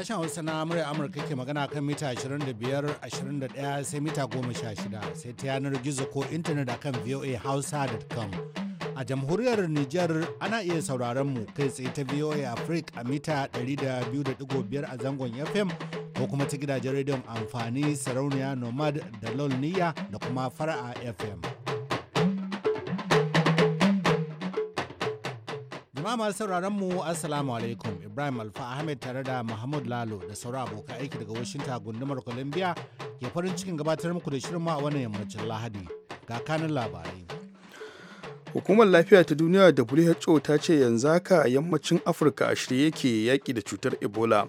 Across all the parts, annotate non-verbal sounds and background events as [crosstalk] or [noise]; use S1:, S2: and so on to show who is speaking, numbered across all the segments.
S1: Sashen Hausa na murya Amurka ke magana kan mita 25, 21 sai mita 16 sai ta yanar gizo ko intanet akan voahausa.com. A jamhuriyar Nijar ana iya sauraron mu kai tsaye ta VOA Africa a mita 200.5 a zangon FM ko kuma ta gidajen rediyon amfani sarauniya nomad da lol da kuma fara'a FM. Jama'a masu sauraron mu Assalamu alaikum Ibrahim Alfa Ahmed tare da Muhammad Lalo da sauran abokan aiki daga Washington gundumar Columbia ke farin cikin gabatar muku da shirin ma a wannan yammacin Lahadi ga kanin labarai.
S2: Hukumar lafiya ta duniya WHO ta ce yanzu haka a yammacin Afirka a shirye yake yaki da cutar Ebola.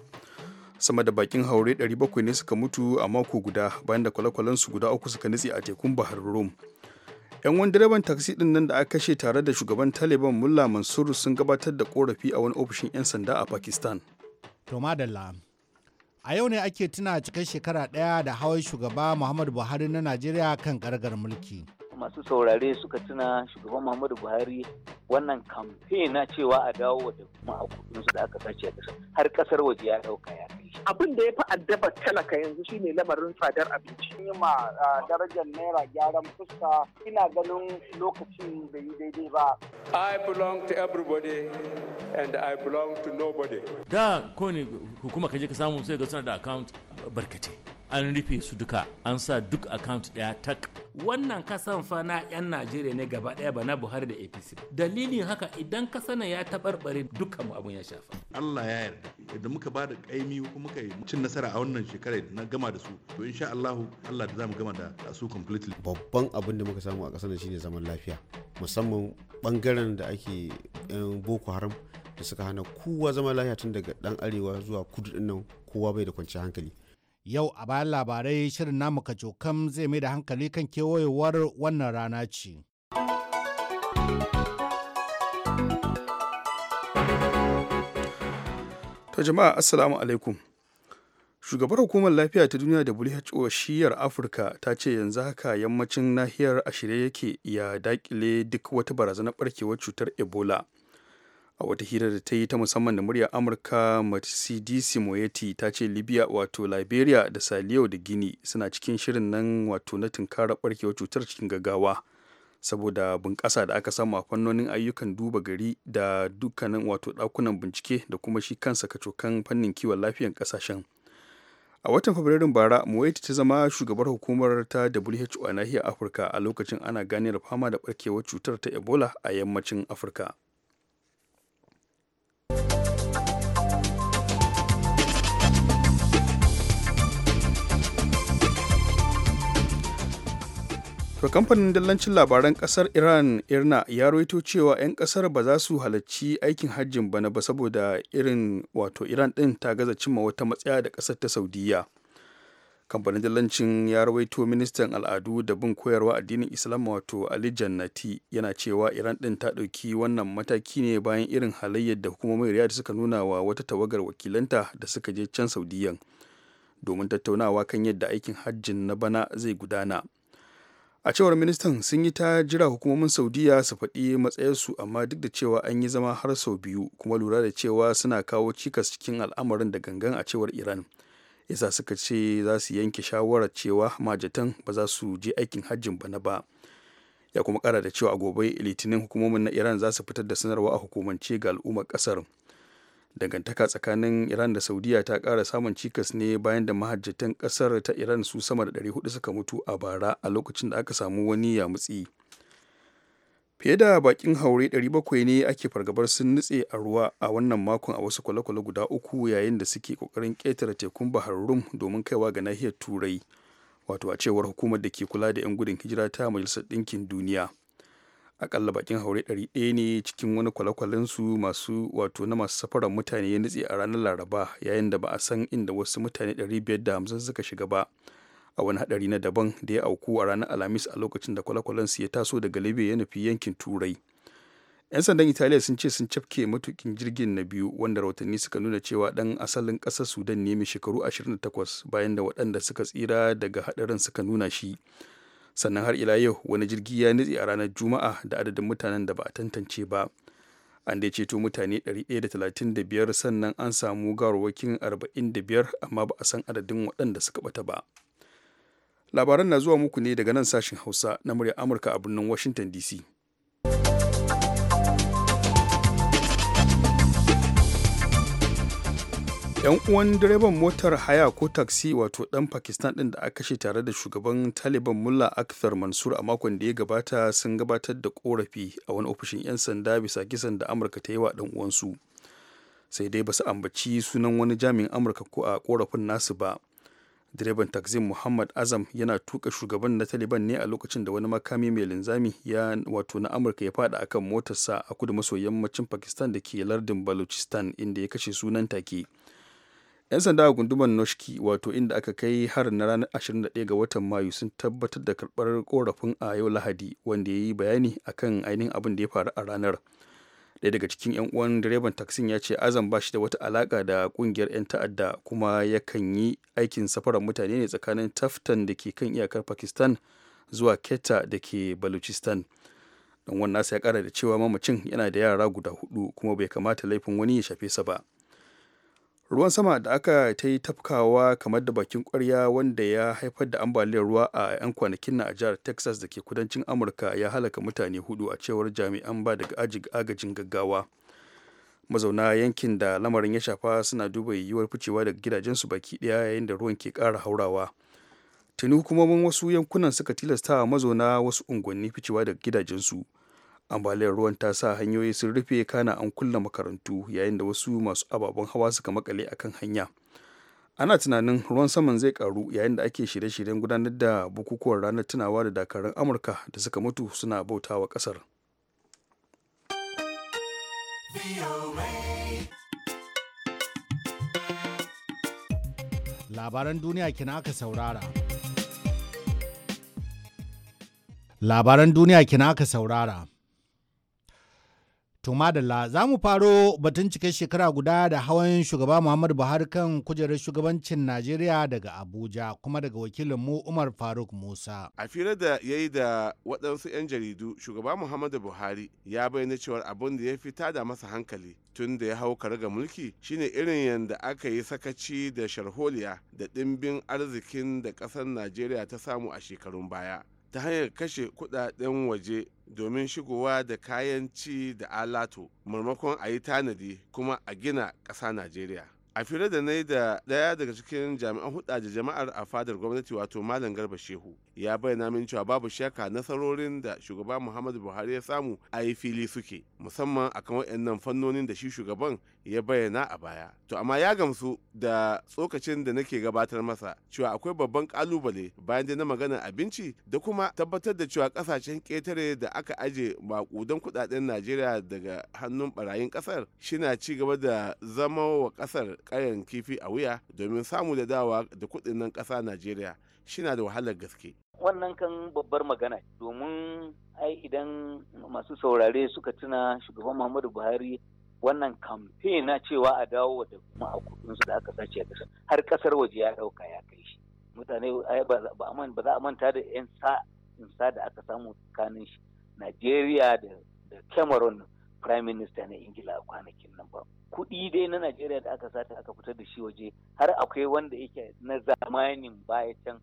S2: Sama da bakin haure 700 ne suka mutu a mako guda bayan da kwale-kwalensu guda uku suka nutse a tekun Bahar rum. 'yan wani direban taksi din nan da aka kashe tare da shugaban taliban mulla mansuru sun gabatar da korafi a wani ofishin 'yan sanda a pakistan
S1: a yau ne ake tuna cikar shekara ɗaya da hawan shugaba muhammadu buhari na najeriya kan gargar mulki
S3: masu saurare suka tuna shugaban muhammadu buhari wannan kamfen na cewa a dawo da kuma a kudinsu da aka sace a har kasar waje ya dauka ya
S4: kai abin da ya fi addaba talaka yanzu shine lamarin tsadar abinci yi ma darajar naira gyaran fuska ina ganin lokacin da yi daidai ba
S5: i belong to everybody and i belong to nobody
S6: da ko ne hukuma kaje ka samu sai ga suna da account barkate. an rufe su duka an sa duk account daya tak wannan kasan fa na 'yan najeriya ne gaba ɗaya bana buhari da apc dalilin haka idan kasana ya taɓarɓare dukkan mu abun ya shafa
S1: allah ya yarda idan muka ba da kaimi ko muka yi cin nasara a wannan shekarar na gama da su to insha allahu allah da za mu gama da su completely babban abin da muka samu a kasar shine zaman
S7: lafiya musamman bangaren da ake yan boko haram da suka hana
S1: kowa zama lafiya tun daga dan arewa zuwa kudu nan kowa bai da kwanciyar hankali Yau a bayan labarai shirin namu kam zai mai da hankali kan kewayowar wannan rana ce.
S2: Ta jama'a assalamu alaikum. Shugabar hukumar lafiya ta duniya WHO shiyar Afirka ta ce yanzu haka yammacin nahiyar a yake ya dakile duk wata barazanar barkewar cutar Ebola. a wata hira da ta yi ta musamman da muryar amurka cdc moyeti ta ce libya wato liberia da saliyo da gini suna cikin shirin nan wato na tunkara barkewar cutar cikin gaggawa saboda bunƙasa da aka samu a fannonin ayyukan duba gari da dukkanin wato ɗakunan bincike da kuma shi kansa kacokan fannin kiwon lafiyan ƙasashen a watan fabrairun bara moyeti ta zama shugabar hukumar ta who a nahiyar afirka a lokacin ana ganin fama da barkewar cutar ta ebola a yammacin afirka To kamfanin dallancin labaran kasar Iran Irna ya rawaito cewa 'yan kasar ba za su halarci aikin hajjin bana ba saboda irin wato Iran din ta gaza cimma wata matsaya da kasar ta saudiyya Kamfanin dallancin ya rawaito ministan al'adu da bin koyarwa addinin Islam wato Ali Jannati yana cewa Iran din ta ɗauki wannan mataki ne bayan irin halayyar da hukumomin Riyadh suka nuna wa wata tawagar wakilanta da suka je can saudiyyan domin tattaunawa kan yadda aikin hajjin na bana zai gudana. a cewar ministan sun yi ta jira hukumomin saudiya su faɗi matsayarsu amma duk da cewa an yi zama har sau biyu kuma lura da cewa suna kawo cikas cikin al'amarin da gangan a cewar iran yasa suka ce za su yanke shawarar cewa majatan ba za su je aikin hajjin bana ba ya kuma kara da cewa a gobe litinin hukumomin na iran za su fitar da sanarwa a hukumance ga al'ummar kasar dangantaka tsakanin iran da saudiya ta kara samun cikas ne bayan da mahajjatan kasar ta iran su sama da 400 suka mutu a bara a lokacin da aka samu wani yamutsi fiye da bakin haure 700 ne ake fargabar sun nutse a ruwa a wannan makon a wasu kwale-kwale guda uku yayin da suke kokarin ketare tekun bahar rum domin kaiwa ga nahiyar turai wato a cewar hukumar da ke kula da 'yan gudun hijira ta majalisar ɗinkin duniya akalla bakin haure 100 ne cikin wani kwale su masu wato na masu safarar mutane ya nutse a ranar laraba yayin da ba a san inda wasu mutane 550 suka shiga ba a wani haɗari na daban da ya auku a ranar alhamis a lokacin da kwale-kwalensu ya taso daga libya ya nufi yankin turai 'yan sandan italiya sun ce sun cafke matukin jirgin na biyu wanda rahotanni suka nuna cewa dan asalin kasar sudan ne mai shekaru 28 bayan da waɗanda suka tsira daga haɗarin suka nuna shi sannan har ila yau wani jirgi ya nutse a ranar juma'a da adadin mutanen da ba a tantance ba an dai ceto mutane 135 sannan an samu gawarwakin 45 amma ba a san adadin waɗanda suka bata ba labaran na zuwa muku ne daga nan sashen hausa na murya amurka a birnin washington dc 'yan uwan direban motar haya ko taksi wato dan pakistan din da aka kashe tare da shugaban taliban mullah akthar mansur a makon da ya gabata sun gabatar da korafi a wani ofishin 'yan sanda bisa kisan da amurka ta yi wa dan uwansu sai dai basu ambaci sunan wani jami'in amurka ko a korafin nasu ba direban taxi muhammad azam yana tuka shugaban na taliban ne a lokacin da wani makami mai linzami ya wato na amurka ya fada akan motarsa a kudu maso yammacin pakistan da ke lardin balochistan inda ya kashe sunan take 'yan sanda a gundumar noshki wato inda aka kai har na ranar 21 ga watan mayu sun tabbatar da karbar korafin a yau lahadi wanda ya yi bayani akan ainihin abin da ya faru a ranar ɗaya daga cikin 'yan uwan direban taksin ya ce azan ba shi da wata alaka da kungiyar 'yan ta'adda kuma yakan yi aikin safarar mutane ne tsakanin taftan da ke kan iyakar pakistan zuwa keta da ke baluchistan don wannan ya kara da cewa mamacin yana da yara guda hudu kuma bai kamata laifin wani ya shafe sa ba ruwan sama da aka ta yi tafkawa kamar da bakin kwarya wanda ya haifar da ambaliyar ruwa a 'yan kwanakin na a jihar texas da ke kudancin amurka ya halaka mutane hudu a cewar jami'an ba daga agajin gaggawa mazauna yankin da lamarin ya shafa suna duba yiwuwar ficewa daga gidajensu baki daya yayin da ruwan ke kara haurawa tuni hukumomin wasu yankunan suka tilasta mazauna wasu unguwanni ficewa daga gidajensu ambaliyar ruwan ta sa hanyoyi sun rufe kana an kulle makarantu yayin da wasu masu ababen hawa suka makale kan hanya ana tunanin ruwan saman zai karu yayin da ake shirye-shiryen gudanar da bukukuwan ranar tunawa da dakarun amurka da suka mutu suna bautawa kasar
S1: labaran duniya kina aka saurara labaran duniya kina aka saurara To madalla za mu faro batun cike shekara guda da hawan shugaba Muhammadu Buhari kan kujerar shugabancin Najeriya daga Abuja kuma daga wakilin mu Umar Faruk Musa.
S8: A fira da ya yi da waɗansu 'yan jaridu shugaba Muhammadu Buhari ya bayyana cewar abin da ya fita da masa hankali tun da ya hau ga mulki shine irin yadda aka yi sakaci da sharholiya da ɗimbin arzikin da ƙasar Najeriya ta samu a shekarun baya. ta hanyar kashe kudaden waje domin shigowa da kayan ci da alatu maimakon a yi tanadi kuma a gina kasa najeriya a fira da na da daya daga cikin jami'an hudu jama'ar a fadar gwamnati wato malam garba shehu ya bayyana min cewa babu shakka nasarorin da shugaba muhammadu buhari ya samu a yi fili suke musamman a kan waɗannan fannonin da shi shugaban ya bayyana a baya to amma ya gamsu da tsokacin da nake gabatar masa cewa akwai babban kalubale bayan da na magana abinci da kuma tabbatar da cewa kasashen ketare da aka aje makudan kudaden najeriya daga hannun barayin kasar shina ci gaba da zama wa kasar kayan kifi a wuya domin samu da dawa da kudin nan kasa najeriya shina da wahalar gaske
S3: wannan kan babbar magana domin ai idan masu saurare suka tuna shugaban muhammadu buhari wannan kamfe na cewa a dawo da kuma a kudinsu da aka sace a har kasar waje ya dauka ya kai shi mutane ba za a manta da yan sa da aka samu tsakanin shi najeriya da da prime minister na ingila a kwanakin nan ba kuɗi dai na najeriya da aka sata aka fitar da shi waje har akwai wanda yake na zamanin baya can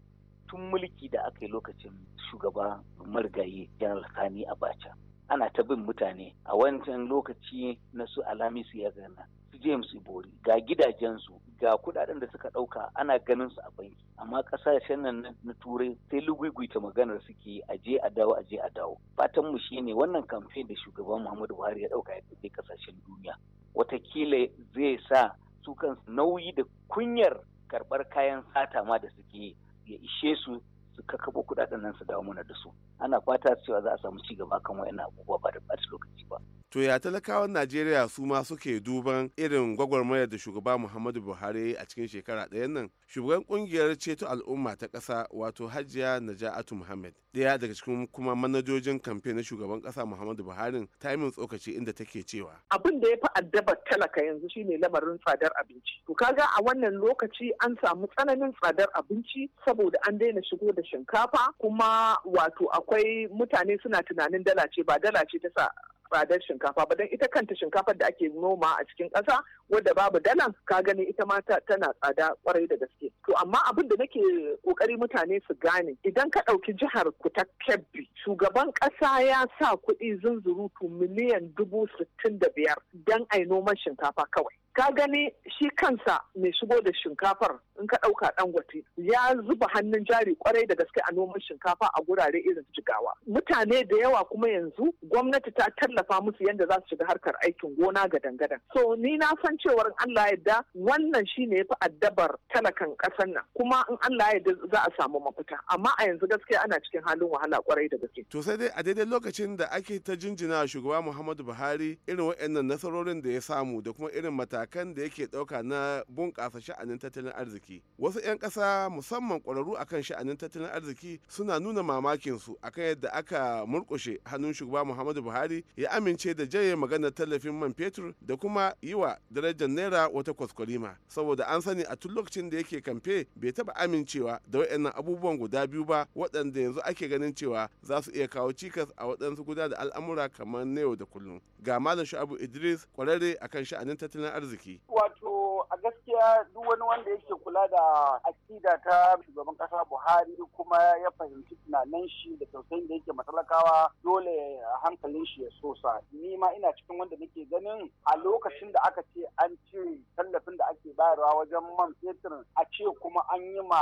S3: tun mulki da aka yi lokacin shugaba marigayi janar sani Bacha. ana ta bin mutane a wancan lokaci na su alamisu ya gana james ibori ga gidajensu ga kudaden da suka ɗauka, ana ganin su a banki amma kasashen nan na turai sai ta maganar suke a je a dawo a je a dawo fatan mu shine wannan kamfen da shugaban muhammadu buhari ya dauka ya tafi kasashen duniya watakila zai sa su kansu nauyi da kunyar karɓar kayan sata ma da suke ya ishe su su kakkabo kuɗaɗen nan su dawo mana da su ana fata cewa za a samu ci gaba kan wayannan abubuwa ba da ɓata lokaci ba.
S8: To ya talakawan Najeriya su ma suke duban irin gwagwarmayar da shugaba Muhammadu Buhari a cikin shekara ɗayan nan. Shugaban kungiyar ceto al'umma ta ƙasa wato Hajiya Naja'atu Muhammad ɗaya daga cikin kuma manajojin kamfe na shugaban ƙasa Muhammadu Buhari ta yi min tsokaci inda take cewa.
S4: Abin da ya fi addabar talaka yanzu shine lamarin tsadar abinci. To kaga a wannan lokaci an samu tsananin tsadar abinci saboda an daina shigo da shinkafa kuma wato akwai akwai mutane suna tunanin dala ce ba dala ce ta sa tsadar shinkafa ba don ita kanta shinkafar da ake noma a cikin ƙasa wadda babu dalan ka gani ita ma tana tsada kwarai da gaske to amma abin da nake kokari mutane su gane idan ka ɗauki jihar ku ta kebbi shugaban ƙasa ya sa kuɗi zunzurutu miliyan dubu sittin da biyar don ai noman shinkafa kawai ka gani shi kansa mai shigo da shinkafar in ka ɗauka ɗan gwate. ya zuba hannun jari kwarai da gaske a noman shinkafa a gurare irin jigawa mutane da yawa kuma yanzu gwamnati ta tallafa musu yadda za su shiga harkar aikin gona ga dangadan so ni na san cewar Allah yadda wannan shine yafi addabar talakan ƙasar nan kuma in Allah yadda za a samu mafita amma a yanzu gaskiya ana cikin halin wahala kwarai da gaske to sai dai a daidai lokacin da
S8: ake ta jinjina shugaba Muhammadu Buhari irin waɗannan nasarorin da ya samu da kuma irin matakan da yake ɗauka na bunƙasa sha'anin tattalin arziki arziki wasu 'yan ƙasa musamman ƙwararru akan sha'anin tattalin arziki suna nuna mamakin su akan yadda aka murƙushe hannun shugaba muhammadu buhari ya amince da jaye maganar tallafin man fetur da kuma yi wa darajar naira wata kwaskwarima saboda an sani a tun lokacin da yake kamfe bai taɓa amincewa da waɗannan abubuwan guda biyu ba waɗanda yanzu ake ganin cewa za su iya kawo cikas a waɗansu guda da al'amura kamar na yau da kullum ga malam sha'abu idris ƙwararre akan sha'anin tattalin arziki
S4: wato a gaskiya gaskiya duk wani wanda yake kula da akida ta shugaban ƙasa, Buhari kuma ya fahimci tunanin shi da tausayin da yake matalakawa dole hankalin shi ya sosa. Ni ma ina cikin wanda nake ganin a lokacin da aka ce an ce tallafin da ake bayarwa wajen man fetur a ce kuma an yi ma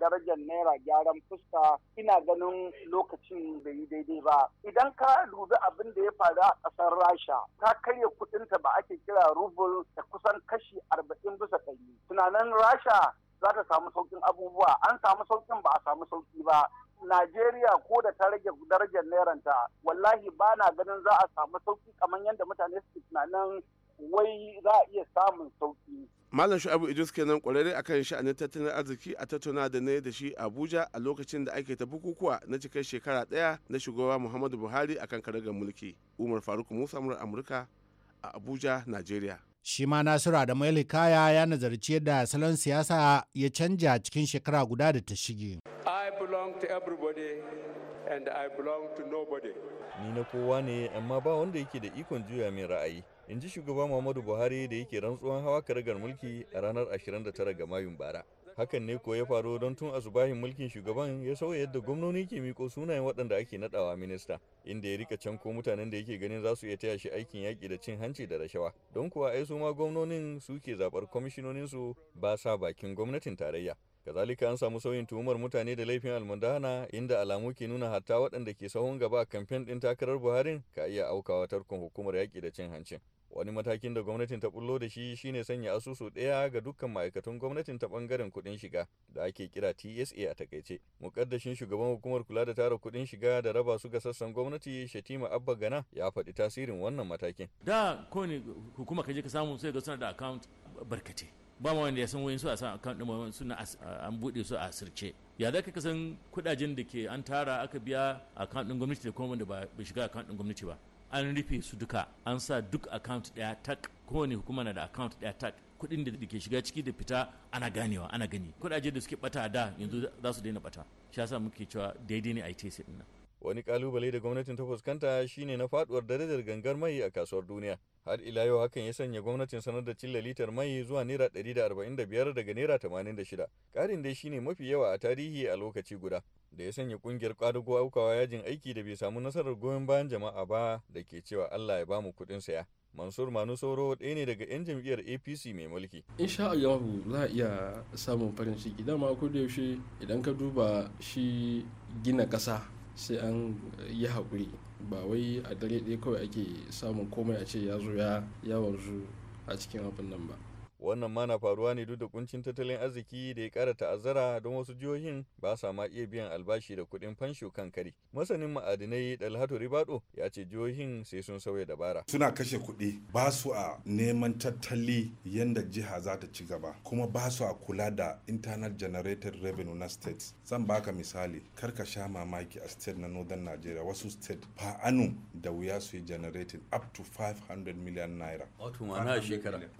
S4: darajar naira gyaran fuska ina ganin lokacin bai yi daidai ba. Idan ka dubi abin da ya faru a ƙasar Rasha ta karya kuɗinta ba ake kira rubul da kusan kashi arba'in bisa ɗanyi tunanin rasha za ta samu saukin abubuwa an samu saukin ba a samu sauki ba Najeriya ko da ta rage darajar nairanta wallahi ba na ganin za a samu sauki kamar yadda mutane suke tunanin wai za a iya samun sauki.
S8: Malam Shu'abu Idris kenan kwararre akan sha'anin tattalin arziki a tattauna da ne da shi Abuja a lokacin da ake ta bukukuwa na cikar shekara ɗaya na shugaba Muhammadu Buhari a kan karagar mulki. Umar Faruk Musa Amurka a Abuja, Najeriya.
S1: shi ma nasiru adamu kaya ya nazarci yadda salon siyasa ya canja cikin shekara guda da ta shige
S5: i belong to everybody and i
S9: ni na kowa ne amma ba wanda yake da ikon juya mai ra'ayi in ji shugaba muhammadu buhari da yake rantsuwan hawa karagar mulki a ranar 29 ga mayun bara hakan ne ko ya faru don tun a zubahin mulkin shugaban ya sauya yadda gwamnoni ke miko sunayen waɗanda ake naɗawa minista inda ya rika can ko mutanen da yake ganin za su iya taya shi aikin yaƙi da cin hanci da rashawa don kuwa ai su ma gwamnonin ke zaɓar su ba sa bakin gwamnatin tarayya kazalika an samu sauyin tuhumar mutane da laifin almundana inda alamu ke nuna hatta waɗanda ke sahun gaba a kamfen ɗin takarar buhari ka iya aukawa tarkon hukumar yaƙi da cin hancin wani matakin da gwamnatin ta bullo da shi shine sanya asusu ɗaya ga dukkan ma'aikatan gwamnatin ta bangaren kuɗin shiga da ake kira TSA a takaice mukaddashin shugaban hukumar kula da tara kuɗin shiga da raba su ga sassan gwamnati Shatima Abba Gana ya faɗi tasirin wannan matakin
S6: da kowane hukuma kaje ka samu sai ga sanar da account barkate ba ma wanda ya san wayin su a san account din suna an bude su a sirce ya za ka san kudajen da ke an tara aka biya account din gwamnati da kuma wanda ba shiga account din gwamnati ba an rufe su duka an sa duk account daya tak kowane hukuma na da account daya tak kuɗin da ke shiga ciki da fita ana ganewa ana gani kudaje da suke bata da yanzu za su
S9: daina bata shi yasa muke cewa daidai ne a yi tese ɗin wani kalubale da gwamnatin ta fuskanta shine na faduwar darajar gangar mai a kasuwar duniya har ila yau hakan ya sanya gwamnatin sanar da cilla litar mai zuwa naira 145 daga naira 86 karin dai shine mafi yawa a tarihi a lokaci guda da ya sanya kungiyar kwadugo aukawa yajin aiki da bai samu nasarar goyon bayan jama'a ba da ke cewa Allah ya bamu kuɗin saya Mansur Manu Sauro ɗaya ne daga 'yan jam'iyyar APC mai mulki.
S5: in sha Allahu za a iya samun farin ciki dama ko da yaushe idan ka duba shi gina ƙasa sai an yi haƙuri ba wai a dare ɗaya kawai ake samun komai a ce ya zo ya wanzu a cikin abin nan ba
S9: Wannan ma na faruwa ne duk da kuncin tattalin arziki da ya kara ta'azzara don wasu jihohin ba sa ma iya biyan albashi da kuɗin fansho kan kari. Masanin ma'adinai Dalhatu Ribado ya ce jihohin sai sun sauya dabara.
S5: Suna kashe kuɗi ba su a neman tattali yadda jiha za ta ci gaba kuma ba su a kula da internal generated revenue na state. Zan baka misali kar ka sha mamaki a state na northern Nigeria wasu state fa anu da wuya su yi generated up to 500 million naira.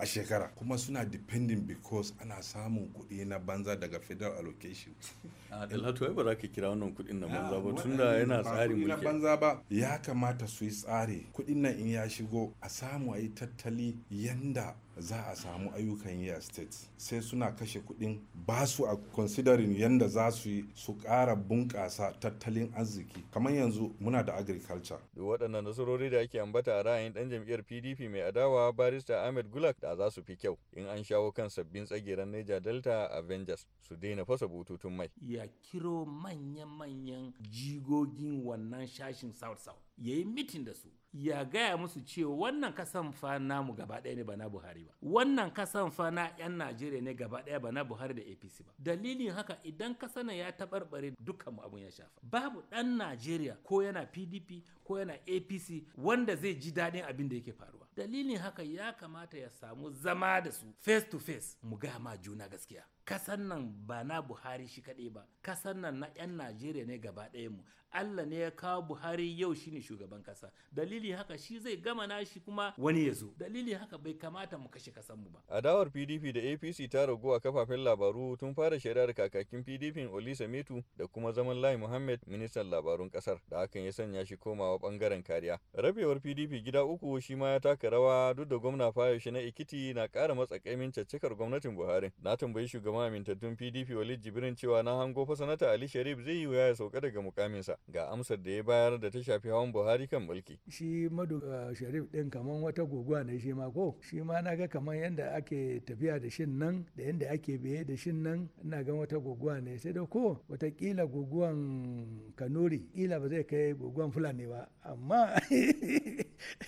S5: a shekara. A kuma suna suna depending because ana samun kuɗi na banza daga federal allocation
S9: a [laughs] ah, dalatu ba za ka kira wannan kuɗin na banza ba ah, tun da yana tsari mulki na banza ba ya
S5: kamata su yi tsari kuɗin nan in ya shigo a samu a yi tattali yanda za a samu ayyukan yi a state sai suna kashe kudin ba su a considering yadda za su yi su kara bunƙasa tattalin arziki kamar yanzu muna da agriculture
S9: da waɗannan nasarori da ake ambata a ra'ayin dan jam'iyyar pdp mai adawa barista ahmed gulak da za su fi kyau in an shawo kan sabbin tsageren niger delta avengers su daina fasa bututun mai ya
S6: kiro manyan manyan jigogin wannan shashin south south ya yi mitin da su ya gaya musu cewa wannan kasan fa namu gaba ɗaya ne ba na Buhari ba wannan kasan fa na 'yan Najeriya ne gaba ɗaya ba na Buhari da APC ba dalilin haka idan kasana ya taɓarɓare dukkan mu abun ya shafa babu ɗan Najeriya ko yana PDP ko yana APC wanda zai ji daɗin abin da yake faruwa dalilin haka ya kamata ya samu zama da su face to face mu ga ma juna gaskiya kasan nan ba na buhari shi kaɗai ba kasan nan na 'yan najeriya ne gaba ɗaya mu allah ne ya kawo buhari yau shine shugaban kasa dalili haka shi zai gama nashi kuma wani ya zo dalili haka bai kamata mu kashe kasan mu ba
S9: adawar pdp da apc ta ragu a kafafen labaru tun fara shari'ar kakakin pdp olisa metu da kuma zaman lai muhammad ministan labarun kasar da hakan ya sanya shi komawa bangaren kariya rabewar pdp gida uku shi ma ya taka taka rawa duk da gwamna fayo shi na ikiti na kara matsa matsakaimin caccakar gwamnatin Buhari. Na tambayi shugaban amintattun PDP Walid Jibrin cewa na hango fa sanata Ali Sharif zai yi ya sauka daga mukaminsa ga amsar da ya bayar da ta shafi hawan Buhari kan mulki.
S1: Shi Madu eh, Sharif ɗin kaman wata guguwa ne shi ma ko shi ma na ga kaman yadda ake tafiya da shin nan da yadda ake biye da shin nan ina ga wata guguwa ne sai da ko watakila guguwan Kanuri kila ba zai kai guguwan Fulani ba amma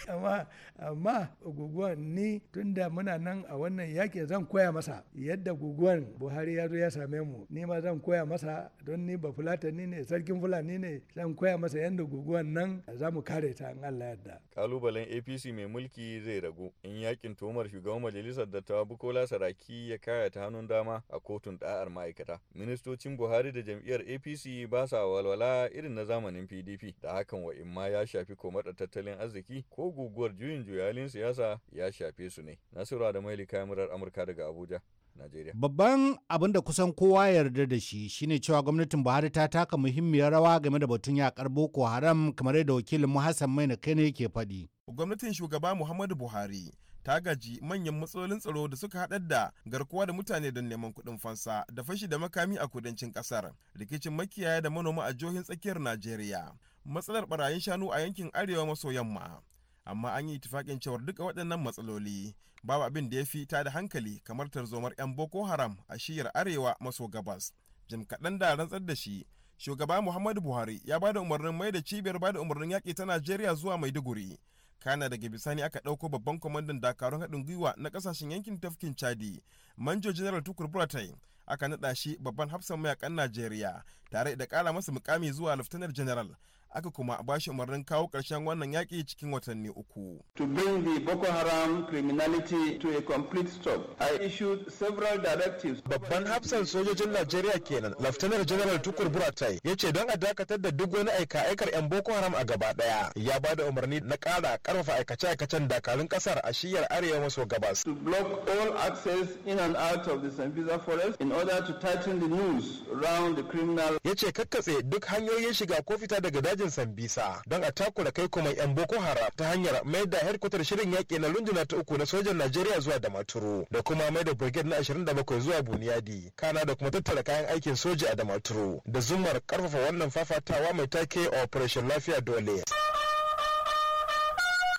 S1: [laughs] amma amma guguwan ni tunda muna nan a wannan yakin zan koya masa yadda guguwan buhari ya zo ya same mu ni ma zan koya masa don ni ba fulatani ne sarkin fulani ne zan koya masa yadda guguwan nan za mu kare ta in
S9: allah yadda kalubalen apc mai mulki zai ragu in yakin tuhumar shugaban majalisar da dattawa bukola saraki ya kaya ta hannun dama a kotun da'ar ma'aikata ministocin buhari da jam'iyyar apc ba sa walwala irin na zamanin pdp da hakan wa imma ya shafi komar tattalin arziki ko guguwar juyin juyali sha'anin siyasa ya shafe su ne nasiru da maili kayan murar amurka daga abuja Najeriya. Babban
S1: abin da kusan kowa yarda da shi shine cewa gwamnatin Buhari ta taka muhimmiyar rawa game da batun yakar Boko Haram kamar yadda wakilin mu Hassan Maina ne yake faɗi.
S5: Gwamnatin shugaba Muhammadu Buhari ta gaji manyan matsalolin tsaro da suka haɗar da garkuwa da mutane don neman kuɗin fansa da fashi da makami a kudancin kasar rikicin makiyaya da manoma a jihohin tsakiyar Najeriya matsalar barayin shanu a yankin arewa maso yamma amma an yi itifakin cewar duka waɗannan matsaloli babu abin da ya fi ta da hankali kamar tarzomar 'yan boko haram a shiyar arewa maso gabas jim kaɗan da rantsar da shi shugaba muhammadu buhari ya ba da umarnin mai da cibiyar ba da umarnin yaƙi ta najeriya zuwa maiduguri kana daga bisani aka ɗauko babban kwamandan dakarun haɗin gwiwa na ƙasashen yankin tafkin chadi manjo general tukur buratai aka naɗa shi babban hafsan mayakan najeriya tare da ƙara masa mukami zuwa lieutenant general aka kuma ba shi umarnin kawo ƙarshen wannan yaƙi cikin watanni uku. To bring the Boko Haram criminality to a complete stop, I issued several directives. Babban hafsan sojojin Najeriya kenan, Laftanar General Tukur Buratai ya ce don a dakatar da duk wani aika aikar 'yan Boko Haram a gaba ɗaya. Ya ba da umarni na ƙara ƙarfafa aikace-aikacen dakarun ƙasar a shiyar arewa maso gabas. To block all access in and out of the Sambisa forest in order to tighten the news round the criminal. Ya ce kakkatse duk hanyoyin shiga ko fita daga daji dajin Sambisa don a takura kai kuma 'yan Boko Haram ta hanyar mai da hedkwatar shirin yaƙi na runduna ta uku na sojan Najeriya zuwa da maturu da kuma mai da brigade na 27 zuwa Buniyadi kana da kuma tattara kayan aikin soja a da maturu da zumar karfafa wannan fafatawa mai take Operation Lafiya Dole.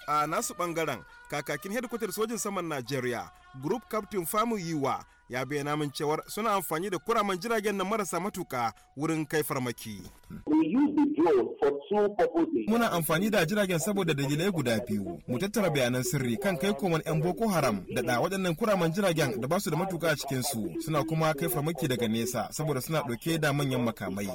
S5: a nasu bangaren kakakin hedkwatar sojin saman najeriya group captain famu yiwa ya bayyana min cewar suna amfani da kuraman jiragen nan marasa matuka wurin kai farmaki. Muna amfani da jiragen saboda dalilai guda biyu. Mu tattara bayanan sirri kan kai koman 'yan Boko Haram da da waɗannan kuraman jiragen da ba su da matuka a cikin su suna kuma kai farmaki daga nesa saboda suna ɗauke da manyan makamai.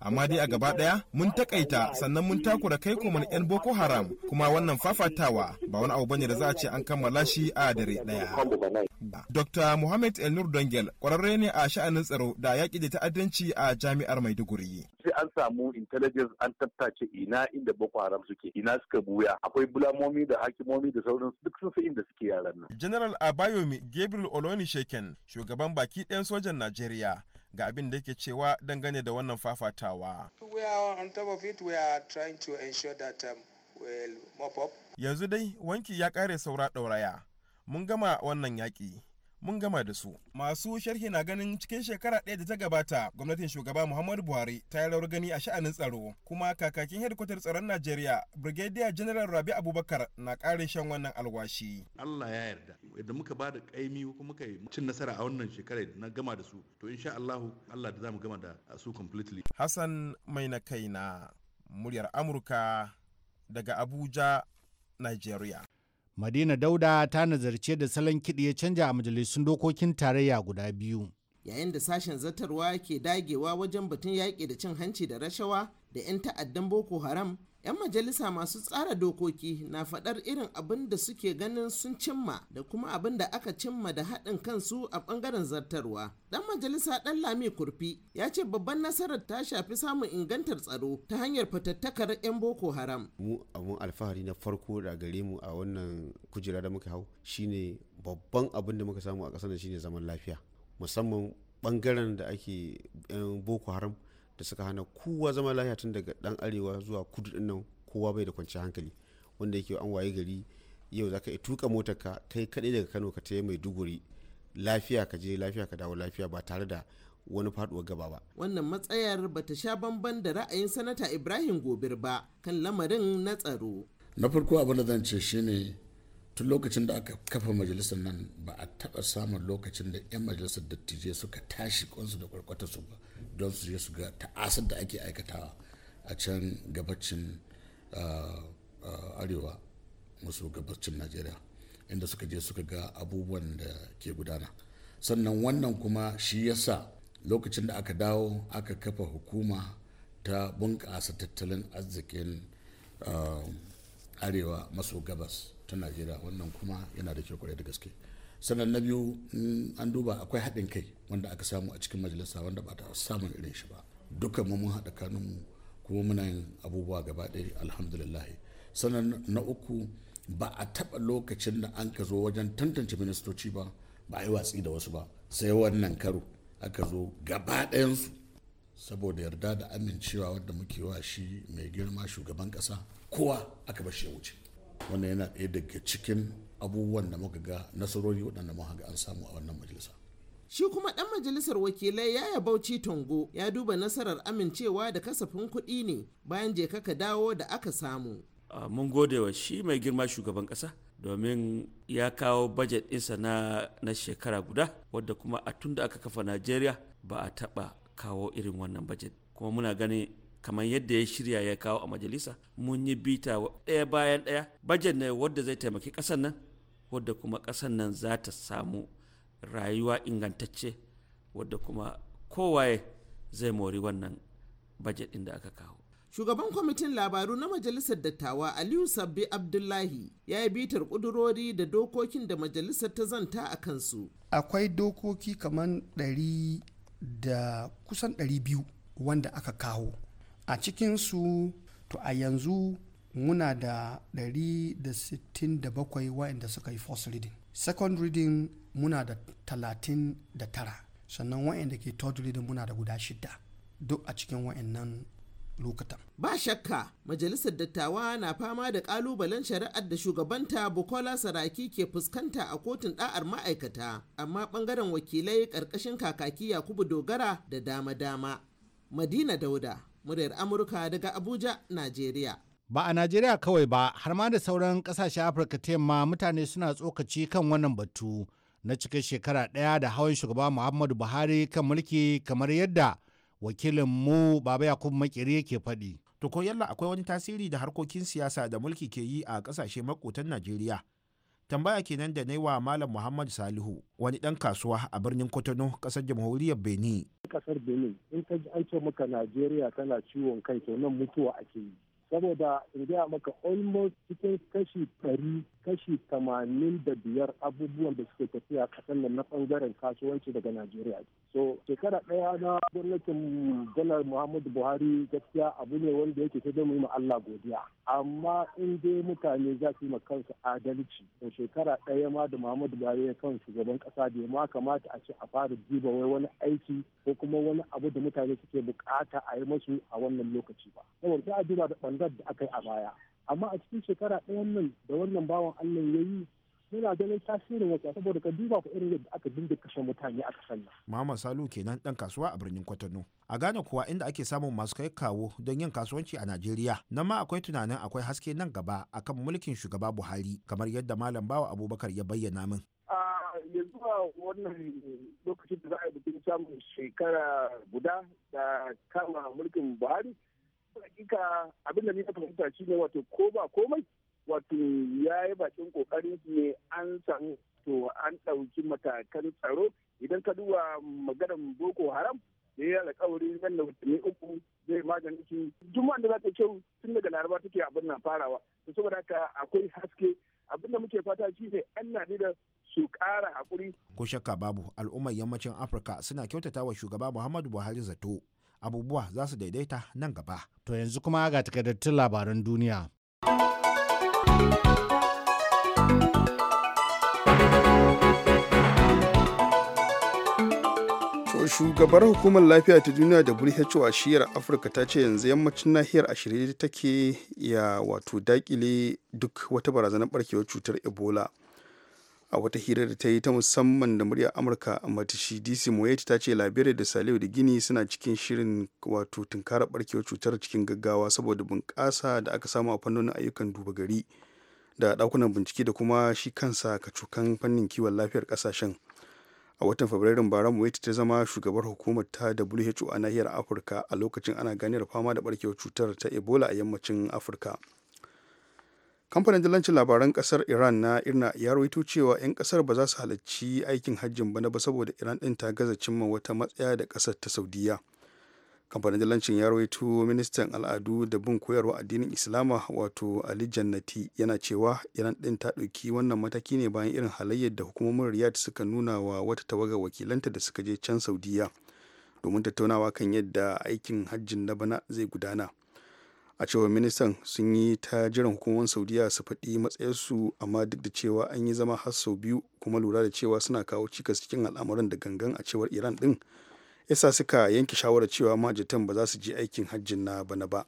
S5: Amma dai a gaba ɗaya mun takaita sannan mun takura kai koman 'yan Boko Haram kuma wannan fafatawa ba wani abu bane da za a ce an kammala shi a dare daya. Dr. Muhammad Nur Dongel ƙwararre ne a sha'anin tsaro da yaƙi da ta'addanci a jami'ar Maiduguri.
S10: Sai an samu intelligence an tattace ina inda Boko Haram suke, ina suka buya, akwai bulamomi da hakimomi da sauran duk sun fi inda suke yaran nan. General Abayomi
S5: Gabriel Oloni Sheken, shugaban baki ɗayan sojan Najeriya, ga abin da yake cewa dangane da wannan fafatawa. Yanzu dai wanki ya ƙare saura ɗauraya. mun gama wannan yaƙi mun gama da su masu sharhi na ganin cikin shekara ɗaya da ta gabata gwamnatin shugaba muhammadu buhari ta yi rawar gani a sha'anin tsaro kuma kakakin hedkwatar tsaron najeriya brigadier general rabi abubakar na ƙarin shan wannan alwashi
S9: allah ya yarda idan muka ba da
S1: ƙaimi kuma muka yi cin nasara a wannan shekarar na gama da su to insha allahu allah da za mu gama da su completely hassan
S5: mai na kaina muryar amurka daga abuja nigeria
S1: Madina Dauda ta nazarce da salon kiɗi ya canja a majalisun dokokin tarayya guda biyu.
S7: yayin da sashen zartarwa ke dagewa wajen batun yaƙi da cin hanci da rashawa da 'yan ta'addan boko haram 'yan majalisa masu tsara dokoki na faɗar irin abin da suke ganin sun cimma da kuma abin da aka cimma da haɗin kansu a ɓangaren zartarwa dan majalisa ɗan lami kurfi ya ce babban nasarar ta shafi samun ingantar tsaro ta hanyar fatattakar 'yan boko haram mu abun alfahari na farko da gare mu a wannan kujera da muka hau shine babban abin da muka samu a ƙasar shine zaman lafiya musamman bangaren da ake yan eh, boko haram da suka hana kowa zama lafiya tun daga dan arewa zuwa kudu din nan kowa bai da kwanciyar hankali wanda yake an waye gari yau za ka tuka motar ka kai kaɗai daga kano ka taya mai duguri lafiya ka je lafiya ka dawo lafiya ba tare da wani faduwar gaba ba. Wannan matsayar ba ta sha bamban da ra'ayin sanata Ibrahim Gobir ba kan lamarin na tsaro.
S11: Na farko abin da zan ce shine tun lokacin da aka kafa majalisar nan ba a taɓa samun lokacin da 'yan majalisar dattijai suka tashi kwansu da kwarkwata su ba don su je su ga ta'asar da ake aikatawa a can gabacin ah, ah, arewa musu gabacin najeriya inda suka je suka ga abubuwan da ke gudana sannan wannan kuma shi yasa lokacin da aka dawo aka kafa hukuma ta bunƙasa tattalin arzikin ah, arewa maso gabas ta najeriya wannan kuma yana da kyau kwarai da gaske sannan na biyu an duba akwai haɗin kai wanda aka samu a cikin majalisa wanda ba ta samun irin shi ba dukkan mu mun haɗa kanunmu kuma muna yin abubuwa gaba ɗaya alhamdulillah sannan na uku ba a taɓa lokacin da an ka zo wajen tantance ministoci ba ba a yi watsi da wasu ba sai wannan karo aka zo gaba ɗayansu saboda yarda da amincewa wadda muke wa shi mai girma shugaban ƙasa kowa aka bar ya wuce wannan yana ɗaya daga cikin abubuwan da muka ga nasarori waɗanda muka ga an samu a wannan majalisa
S7: Shi kuma ɗan majalisar wakilai ya Yaya Bauchi Tongo ya duba nasarar amincewa da kasafin kuɗi ne bayan je ka dawo da aka samu.
S6: Mun gode wa shi mai girma shugaban ƙasa domin ya kawo bajet ɗinsa na shekara guda wadda kuma a tun da aka kafa Najeriya ba a taɓa kawo irin wannan bajet. Kuma muna ganin kamar yadda ya shirya ya kawo a majalisa mun yi bita ɗaya bayan ɗaya bajet ne wadda zai taimaki ƙasar nan wadda kuma ƙasar nan za ta samu rayuwa ingantacce wadda kuma kowaye zai mori wannan bajet ɗin da aka kawo
S7: shugaban kwamitin labaru na majalisar dattawa aliyu sabbi abdullahi ya yi bitar kudurori da dokokin da majalisar ta zanta a kansu
S2: akwai dokoki kamar ɗari da kusan ɗari biyu wanda aka kawo a cikin su to a yanzu muna da 167 waɗanda suka yi first reading second reading muna da 39 sannan waɗanda ke third reading muna da guda shida duk a cikin waɗannan lokutan.
S7: Ba shakka majalisar dattawa na fama da kalubalen shari'ar da shugabanta Bukola Saraki ke fuskanta a kotun da'ar ma'aikata amma bangaren wakilai karkashin kakaki Yakubu Dogara da dama-dama. Madina Dauda muryar amurka daga abuja najeriya
S1: ba a najeriya kawai ba har ma da sauran kasashen afirka ta yamma mutane suna tsokaci kan wannan batu na cikin shekara ɗaya da hawan shugaba muhammadu buhari kan mulki kamar yadda wakilin mu baba yakubu makiri yake faɗi to ko yalla akwai wani tasiri da harkokin siyasa da
S5: mulki ke yi a ƙasashe makotan najeriya tambaya kenan da na yi wa malam muhammad salihu wani dan kasuwa a birnin kotono kasar jamhuriyar benin
S10: kasar benin in ka ji an ce maka najeriya tana ciwon kai to nan mutuwa ake yi saboda in gaya maka almost cikin kashi kashi tamanin da biyar abubuwan da suke tafiya kasan nan na bangaren kasuwanci daga najeriya so shekara ɗaya na gwamnatin janar muhammadu buhari gaskiya abu ne wanda yake sai mu yi allah godiya amma in dai mutane za su yi ma kansu adalci to shekara ɗaya ma da muhammadu buhari ya kan shugaban ƙasa bai ma kamata a ce a fara jiba wai wani aiki ko kuma wani abu da mutane suke bukata a yi masu a wannan lokaci ba saboda a da ɓangar da aka yi a baya amma a cikin shekara ɗayan nan da wannan bawan allah ya yi yana ganin tasirin wata saboda ka duba ku irin yadda aka dinga kashe mutane a sanya. nan.
S5: Mama Salu kenan dan kasuwa a birnin Kwatano. A gane kuwa inda ake samun masu kai kawo don yin kasuwanci a Najeriya, nan ma akwai tunanin akwai haske nan gaba akan mulkin shugaba Buhari kamar yadda Malam Bawa Abubakar ya bayyana min.
S10: yanzu zuwa wannan lokacin da za a yi bikin samun shekara guda da kama mulkin Buhari hakika abin da ni na fahimta shi ne wato ko ba komai wato ya yi bakin kokarin su ne an san to an ɗauki matakan tsaro idan ka duba maganar boko haram da ya alƙawari nan da watanni uku zai magani shi juma'a da za ta kyau tun daga laraba take abin na farawa to saboda haka akwai haske abin da muke fata shi ne yan najeriya su ƙara haƙuri.
S5: ko shakka babu al'ummar yammacin afirka suna kyautata wa shugaba muhammadu buhari zato
S1: abubuwa za su daidaita nan gaba. To yanzu kuma ga takardattun labaran duniya.
S2: shugabar hukumar lafiya ta duniya da who a shiyar afirka ta ce yanzu yammacin nahiyar a shirye take ya wato dakile duk wata barazanar barkewar cutar ebola a wata hira da ta yi ta musamman da muryar amurka a matashi dc moyeti ta ce labirai da saliu da gini suna cikin shirin wato tunkarar barkewar cutar cikin gaggawa saboda bunƙasa da aka samu a fannonin ayyukan duba gari da ɗakunan bincike da kuma shi kansa kacukan fannin kiwon lafiyar ƙasashen a watan fabrairun bara moyeti ta zama shugabar hukumar ta who a nahiyar afirka a lokacin ana ganiyar fama da barkewar cutar ta ebola a yammacin afirka kamfanin dillancin labaran kasar iran na irna ya rawaito cewa 'yan kasar ba za su halarci aikin hajjin bana ba saboda iran ɗin ta gaza cimma wata matsaya da kasar ta saudiya kamfanin dillancin ya rawaito ministan al'adu da bin koyarwa addinin islama wato ali jannati yana cewa iran ɗin ta ɗauki wannan mataki ne bayan irin halayyar da hukumomin riyad suka nuna wa wata tawaga wakilanta da suka je can saudiya domin tattaunawa kan yadda aikin hajjin na bana zai gudana a cewar ministan sun yi ta jiran hukumar saudiya su faɗi matsayarsu amma duk da cewa an yi zama har sau biyu kuma lura da cewa suna kawo cikas cikin al'amuran da gangan a cewar iran ɗin yasa suka yanke shawarar cewa majatan ba za su je aikin hajjin na bana ba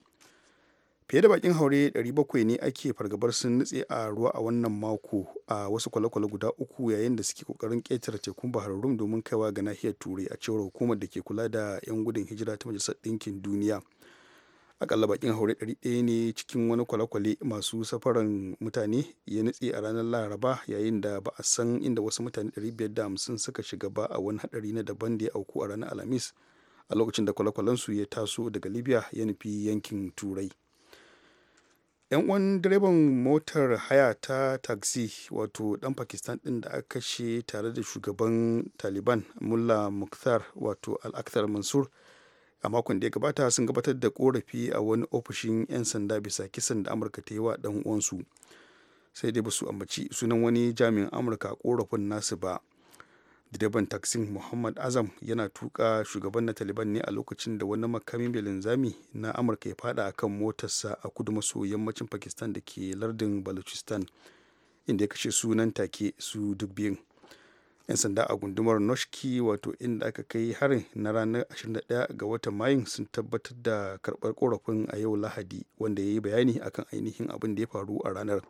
S2: fiye da bakin haure 700 ne ake fargabar sun nutse a ruwa a wannan mako a wasu kwale-kwale guda uku yayin da suke kokarin ƙetare tekun bahar rum domin kaiwa ga nahiyar turai a cewar hukumar da ke kula da 'yan gudun hijira ta majalisar ɗinkin duniya akalla bakin haure 100 ne cikin wani kwale-kwale masu safaran mutane ya nutse a ranar laraba yayin da ba a san inda wasu mutane 550 suka shiga ba a wani hadari na daban da ya auku a ranar alhamis a lokacin da kwale-kwalensu ya taso daga libya ya nufi yankin turai yan uwan direban motar haya ta taxi wato dan pakistan din da aka kashe tare da shugaban taliban mullah mukhtar wato al-akhtar mansur a makon da ya gabata sun gabatar da korafi a wani ofishin 'yan sanda bisa kisan da amurka ta yi wa dan uwansu sai dai basu su ambaci sunan wani jami'in amurka a korafin nasu ba direban taksin muhammad azam yana tuka shugaban na taliban ne a lokacin da wani makamin linzami na amurka ya fada akan motarsa a kudu maso yammacin pakistan da ke lardin balochistan inda ya kashe sunan take su duk biyun 'yan sanda a gundumar noshki wato inda aka kai harin na ranar 21 ga watan mayun sun tabbatar da karbar korafin a yau lahadi wanda ya yi bayani akan ainihin abin da ya faru a ranar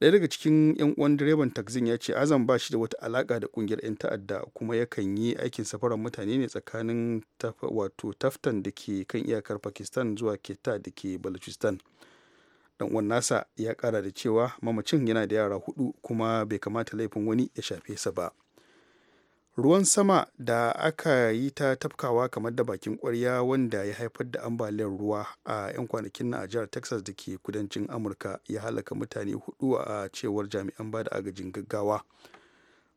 S2: ɗaya daga cikin 'yan uwan direban takzin ya ce azam ba shi da wata alaka da kungiyar 'yan ta'adda kuma yakan yi aikin safarar mutane ne tsakanin wato taftan da ke kan iyakar pakistan zuwa keta da ke balochistan dan uwan nasa ya kara da cewa mamacin yana da yara hudu kuma bai kamata laifin wani ya shafe sa ba ruwan sama da aka yi ta tafkawa kamar da bakin kwarya wanda ya haifar da ambaliyar ruwa a 'yan kwanakin na a jihar texas da ke kudancin amurka ya halaka mutane hudu a cewar jami'an bada agajin gaggawa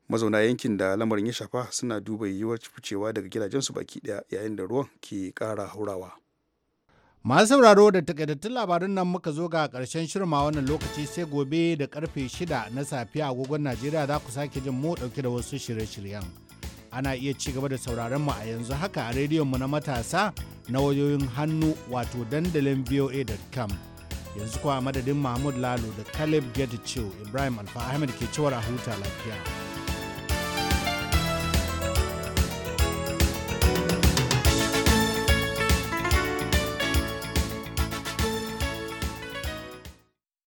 S2: mazauna yankin da lamarin ya shafa suna duba yiwuwar ficewa daga gidajensu baki daya yayin da ruwan ke kara haurawa
S1: Masu sauraro da takaitattun labarin nan muka zo ga ƙarshen shirma wannan lokaci sai gobe da karfe shida na safiya a agogon Najeriya za ku sake jin mu ɗauke da wasu shirye-shiryen. Ana iya ci gaba da sauraron mu a yanzu haka a rediyon mu na matasa na wayoyin hannu wato dandalin voa.com. Yanzu kuwa madadin Mahmud Lalo da Caleb Gedichew Ibrahim Alfa Ahmed ke cewar a huta lafiya.